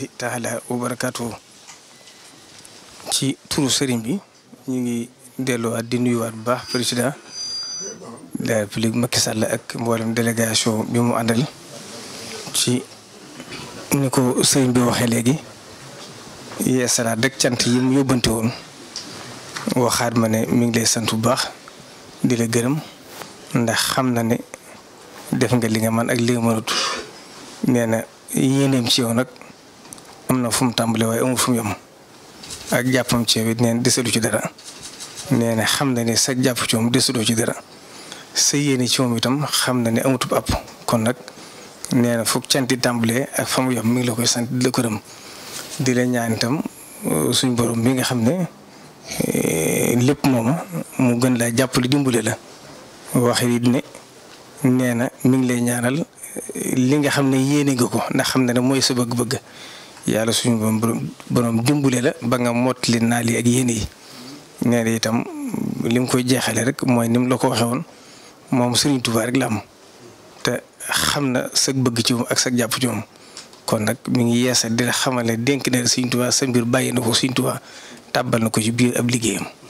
rahmatullahi taala wa ci turu sëriñ bi ñu ngi delluwaat di nuyuwaat bu baax président de la République Macky Sall ak mboolem délégation bi mu àndal ci ni ko sëriñ bi waxee léegi yeesalaat rek cant yi mu yóbbante woon waxaat ma ne mi ngi lay sant bu baax di la gërëm ndax xam na ne def nga li nga man ak li nga mënut nee na yéeneem ci am na fu mu tàmbalee waaye amul fu mu yem ak jàppam ci yow neen desalu ci dara nee na xam na ne sa jàpp ci moom desaloo ci dara sa yéene ci moom itam xam na ne amutub àpp kon nag nee na foog canti tàmbalee ak fa mu yem mi ngi la koy sant di la ko dem di la ñaan itam uh, suñ borom bi nga xam ne eh, lépp moom mu gën laa jàppale dimbale la wax it ne nee na mi ngi lay ñaanal eh, li nga xam ne yéene nga ko ndax xam na ne mooy sa bëgg-bëgg. yàlla suñu borom borom dimbale la ba nga mottali naa lii ak yéen yi nee itam li mu koy jeexale rek mooy ni la ko waxee woon moom Serigne Touba rek la am te xam na sag bëgg ci moom ak sag jàpp ci moom kon nag mu ngi yeesal di la xamal ne dénk na Serigne Touba sa mbir bàyyi na ko Serigne Touba tàbbal na ko ci biir ab liggéeyam.